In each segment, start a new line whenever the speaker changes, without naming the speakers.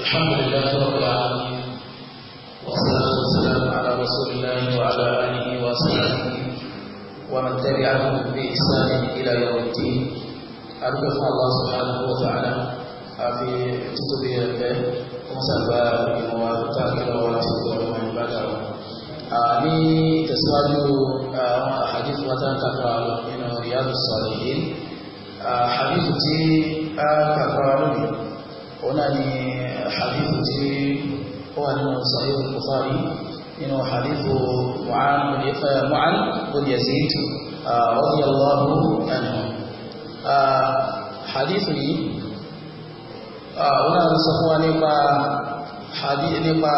الحمد لله رب العالمين والصلاة والسلام على رسول الله وعلى آله وصحبه ومن تبعهم بإحسان إلى يوم الدين أرجو الله سبحانه وتعالى في كتبه البيت ومسألة المواقع ورسول ومن بعده آمين آه، تسواجه أحاديث وتنتقى من رياض الصالحين آه، حديث تي آه، كفراني هنا wà nínú sọ̀yọ́ Bukhari nínú hadithu mu'an bin Yazid radiyallahu anhu hadithu yìí wọ́n sọ fún wa nípa nípa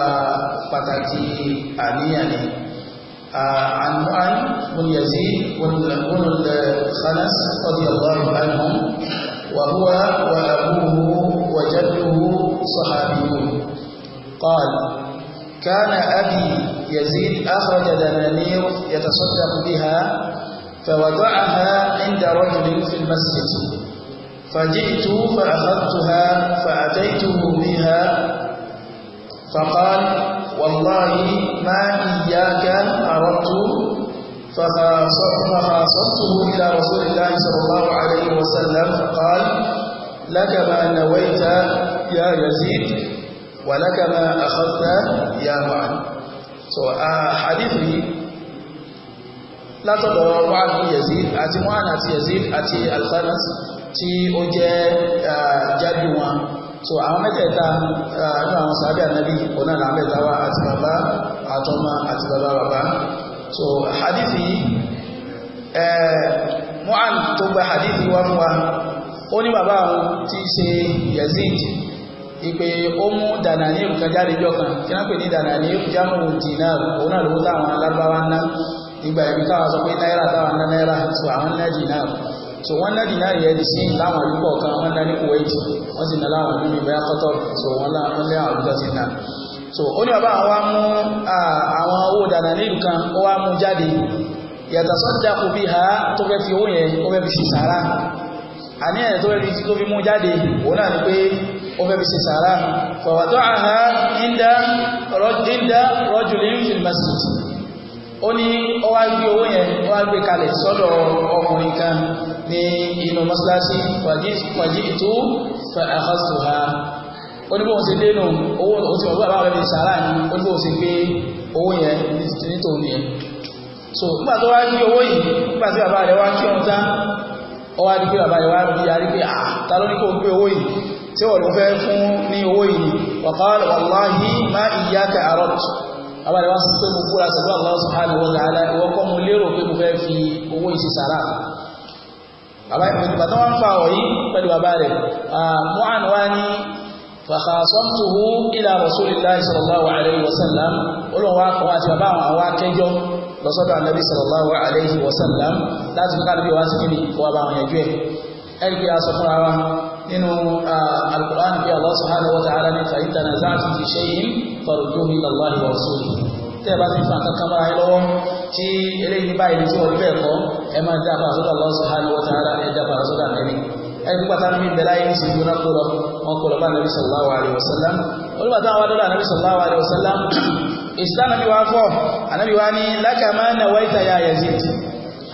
pàtàkì àníyàn ni عن معن بن يزيد بن الخنس رضي الله عنهم وهو وأبوه وجده صحابيون قال كان أبي يزيد أخرج دنانير يتصدق بها فوضعها عند رجل في المسجد فجئت فأخذتها فأتيته بها فقال والله ما إياك أردت فخاصمته إلى رسول الله صلى الله عليه وسلم فقال لك ما نويت يا يزيد ولك ما أخذت يا معن so hadith yìí látọ̀dọ̀ wa'an bin yazid àti wa'an àti yazid àti alfanas tí ó jẹ́ jáde wọn so àwọn mẹ́tẹ̀ẹ̀ta ní àwọn sàábì ànábì ọ̀nà àwọn mẹ́ta wá àti bàbá àtọ́mà àti bàbá bàbá so hadith yìí wa'an tó gba hadith yìí wá fún wa ó ní bàbá àwọn tí í ṣe yazid ìpè ó mú dànàní nǹkan jáde jọ kan kí wọ́n pè ní dànàní jámù dìínà òun náà lówó táwọn alábáwá ná ìgbà ìbí káwọn sọ pé náírà táwọn ná náírà tó àwọn ná dìínà so wọ́n ná dìínà yẹn di sí láwọn ìlú kọ̀ọ̀kan wọ́n ná ní Kuwait wọ́n sì ná láwọn ìlú mi bẹ́ẹ̀ kọ́tọ̀ so wọ́n lá wọ́n lé àwọn ìjọsìn náà so ó ní bàbá àwọn mú àwọn owó dànàní ó wá mú jáde yàtọ̀ sọ́jà ó fẹ́ fi ṣe sàárà fọ̀wàtọ́ àhá ìdá rọ́jùlín fil masjid ó ní ó wá gbé owó yẹn ó wá gbé kalẹ̀ sọ́dọ̀ ọkùnrin kan ní inú mọ́sálásí wàjí ìtú fẹ́ àkọ́sù ha ó ní bóun ṣe wọ́n bá rẹ̀ so nígbà tó wá gbé owó yìí nígbà tí bàbá rẹ̀ wá kí ọ̀hún tí wọ́n fẹ́ fún ní owó yìí wàkàlù wàláhí má ìyáka àrọ́t abàdàwà sí pé mo kúra sí bá Allah subhanahu wa ta'ala ìwọ́n kọ́ mo lérò pé mo fẹ́ fi owó yìí sí sàrà bàtà wọn fa ọ̀yí pẹ̀lú bàbá rẹ̀ mu'an àti bàbá àwọn àwọn akẹjọ́ lọ́sọ́dọ̀ annabi sallallahu alaihi wasallam láti fi kálùbí wa sí kíni kọ́ bá ẹjọ́ ẹ̀ ẹ̀rìkì aṣọ fún ara nínú alkùránì bí Allah subhanahu wa ta'ala ní fa in tanaza'tum fi shay'in farudduhu ila Allahi wa rasulihi tẹ́ ẹ bá ti fa kankan bára yín lọ́wọ́ tí eléyìí báyìí ní tí wọ́n bẹ́ẹ̀ kọ́ ẹ máa dá àpá sọ́dọ̀ Allah subhanahu wa ta'ala ẹ dá àpá sọ́dọ̀ àmẹ́rin ẹni pàtàkì ní bẹ̀lá yìí sí ìgbóná kó lọ wọn kó bá nàbí sallallahu alaihi wasallam olùbàtà àwọn adọ́dà nàbí sallallahu alaihi wasallam ìsìlá nàbí wá fọ́ ànàbí wá ní lákàmá nàwáìtà Yazid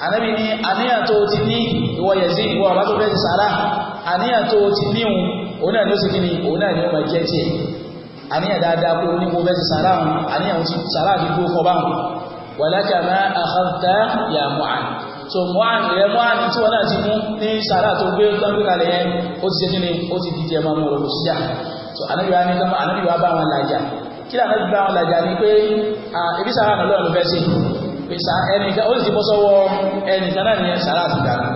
ànábì ní àníyàn tó ti ní ìwọ yẹ̀sí ìwọ ọ̀bá tó fẹ́ ti sàárà àníyàn tó ti níhun òun náà ni ó sì kíni òun náà ni ó máa jẹ́ tiẹ̀ àníyàn dáadáa kó ní mo fẹ́ ti sàárà hùn ti sàárà ti kó fọ́ báhùn wàlákà máa àkàtà yà mọ́àn so mọ́àn rẹ̀ mọ́àn tí wọ́n náà ti mú ní sàárà tó gbé lọ́dún kalẹ̀ yẹn ó ti ṣe kíni ó ti di jẹ́ máa mú ọ̀rọ̀ so ànábì wa ní kí ànábì wa bá wọn làjà kí ànábì bá ni pé ibi sàárà náà lọ́ọ̀ ló pèsè ẹnìkan ó sì ti bọ́ sọ́wọ́ ẹnìkan náà nìyẹn sàrà àti dàrú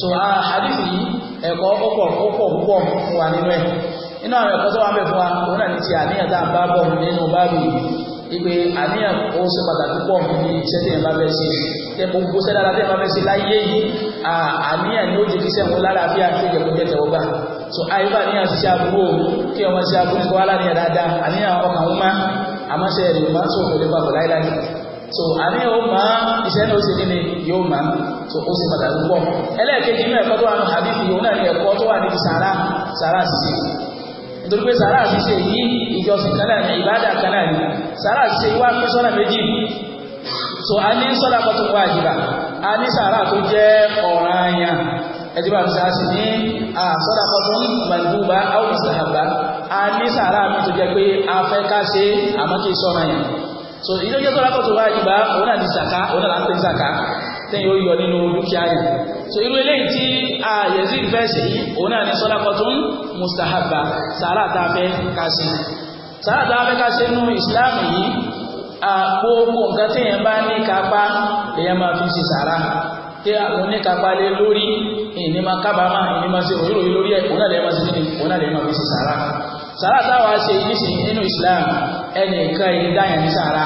so Hadithi yìí ẹ̀kọ́ ó pọ̀ ó pọ̀ púpọ̀ fún wa nínú ẹ̀ inú àwọn ẹ̀kọ́ tó wà mẹ́fún wa òun náà ní ti àníyàn tá à ń bá bọ̀ nínú báàbù yìí ìpè àníyàn ó ṣe pàtàkì pọ̀ ní iṣẹ́ tí ẹ̀ bá fẹ́ ṣe tẹ gbogbo sẹ́ dára tẹ́ bá fẹ́ ṣe láyé yìí àníyàn ni ó jẹ́ kí sẹ́wọ̀n lálàáfíà tó yẹ kó jẹ́ tẹ̀wọ́ gbà so àyíká àníyàn ṣiṣẹ́ àbúrò kí ọmọ ṣiṣẹ́ àbúrò kó wá láníyàn dáadáa àníyàn ọkàn wọn má àmọ́ ṣe ẹ̀rù má sọ̀rọ̀ lè papọ̀ so àní yóò mọ iṣẹ́ náà ó ṣe kíni yóò mọ so ó ṣe pàtàkì púpọ̀ ẹlẹ́ẹ̀kejì inú ẹ̀kọ́ tó wà nù hadithi yòówù náà ní ẹ̀kọ́ tó wà níbi sàrà sàrà ṣiṣẹ́ nítorí pé sàrà ṣiṣẹ́ yìí ìjọsìn kan náà ní ìbádà kan náà ní sàrà ṣiṣẹ́ wà pín sọ́nà méjì so a ní sọ́nà kọ́tù wájìbà a ní sàrà tó jẹ́ ọ̀ranyàn ẹjọba àmìsà sí ní àsọ́dà kọ́tù màdúbà áwùsàhàbà a ní sàrà mi tó jẹ́ pé a fẹ́ ká ṣe àmọ́ kì í sọ́nà yẹn so ìjọ jẹ́ sọ́dọ̀ àkọ́tò wa ìgbà òun náà ní zaka òun náà là ń pè zaka tẹ́yìn ó yọ nínú dúkìá rẹ̀ so irú eléyìí tí yẹ̀sí ìfẹ́ ṣe yìí òun náà ní sọ́dọ̀ àkọ́tò ń mustahaba sàrà tá a fẹ́ ká ṣe sàrà tá a fẹ́ ká ṣe nínú Islam yìí àpòkò nǹkan tẹ́yìn bá ní kápá lèyàn máa fi ṣe sàrà tẹ́ àwọn ní kápá lé lórí ìní máa kábàámà ìní máa ṣe òyìnbó lórí ẹ̀ òun náà lè máa ṣe Islam ẹnì kan yìí dáyà ní sàrà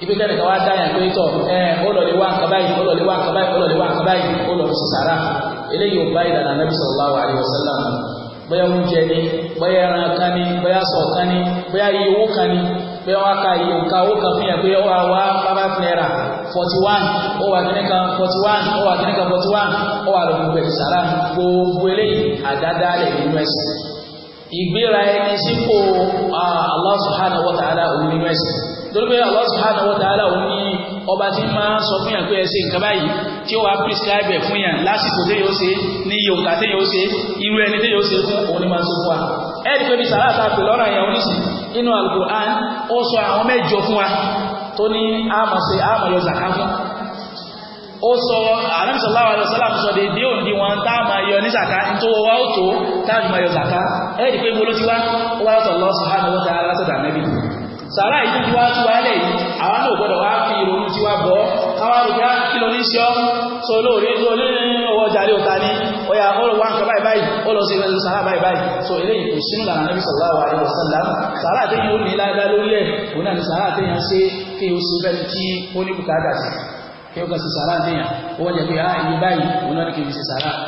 ibi kẹ́ni kan wá dáyà pé tọ̀ ẹ ó wá nǹkan báyìí ó wá nǹkan báyìí ó wá nǹkan báyìí ó sí sàrà eléyìí ò bá ìlànà nàbí sallallahu bóyá oúnjẹ ni bóyá ka iye òǹkà owó kan pé ó forty one ó wà kíní forty one ó wà kíní forty one ó wà gbogbo eléyìí nínú ìgbéra ẹni sípò Allah subhanahu wa ta'ala òun nínú ẹ̀sìn torí pé Allah subhanahu wa ta'ala òun ní ọba tí máa sọ fún yàn pé ẹ ṣe nǹkan báyìí tí ó wá prescribe ẹ̀ fún yàn lásìkò tí yóò ṣe ní iye òǹkà tí yóò ṣe irú ẹni tí yóò ṣe fún òun ní máa sọ fún wa ẹ̀ẹ́dì pé bí sàrà àtàkùn lọ́rọ̀ àyàn oníṣìí inú Al-Qur'an ó sọ àwọn mẹ́jọ fún wa tó ní àmọ̀ sí àmọ̀ yọ zàká fún ó sọ àrẹ́mìsọ̀láwà lọ sálàmù sọ déédé ní zaka nítorí wa ó tó táàbí máa yọ zaka ẹ̀ẹ́dì pé gbolo ti wá ó wá lọ́tọ̀ Allah subhanahu wa ta'ala látọ̀dọ̀ ànábì sàrá yìí ti wá tú wa lẹ̀ yìí àwa náà gbọ́dọ̀ wá fi ìrònú ti wá bọ́ káwá rò bíá ah, kí ló ní ṣe ọ́ so olóòrí tó ní owó jàre òta ní ọya ọlọ́wà nǹkan báyìí báyìí ó lọ sí ìrẹsì sàrá báyìí báyìí so eléyìí kò sínú lànà Nabi sallallahu alaihi wasallam sàrá pé ah ìyí báyìí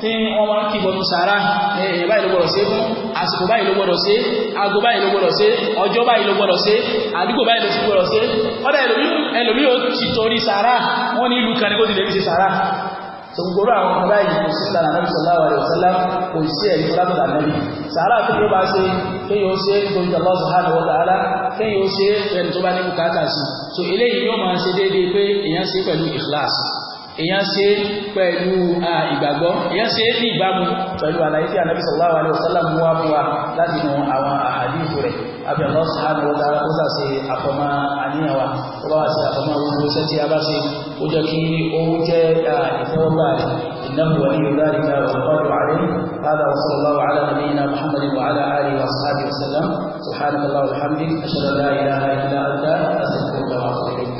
tí wọ́n wá kí bọ́nu sàárá ẹ̀yẹ̀ báyìí ló gbọ́dọ̀ ṣe fún àsìkò báyìí ló gbọ́dọ̀ ṣe aago báyìí ló gbọ́dọ̀ ṣe ọjọ́ báyìí ló gbọ́dọ̀ ṣe àdúgbò báyìí ló ti gbọ́dọ̀ ṣe ọ̀dà ẹlòmí ò ti torí sàárá wọ́n ní ìlú kan ní kó ti lè fi ṣe sàárá sọ̀gbọ́rọ̀ àwọn ọmọ báyìí kò sí ìlànà náà sallallahu alaihi wasallam kò sí ẹ̀rí látọ̀dà èyàn ṣe pẹ̀lú ìgbàgbọ́ èyàn ṣe ní ìbámu pẹ̀lú àlàyé tí Ànábì sallallahu alaihi wasallam mú wá fún wa láti mọ àwọn àhàdíìfù rẹ̀ àbí Allah subhanahu wa ta'ala ó sàṣe àfọmọ àníyàn wa ó bá wà sí àfọmọ gbogbo iṣẹ́ tí a bá ṣe ó jẹ́ kí ó jẹ́ ìfọwọ́gbà rẹ̀ innahu waliyyu dhalika wal qadiru alayhi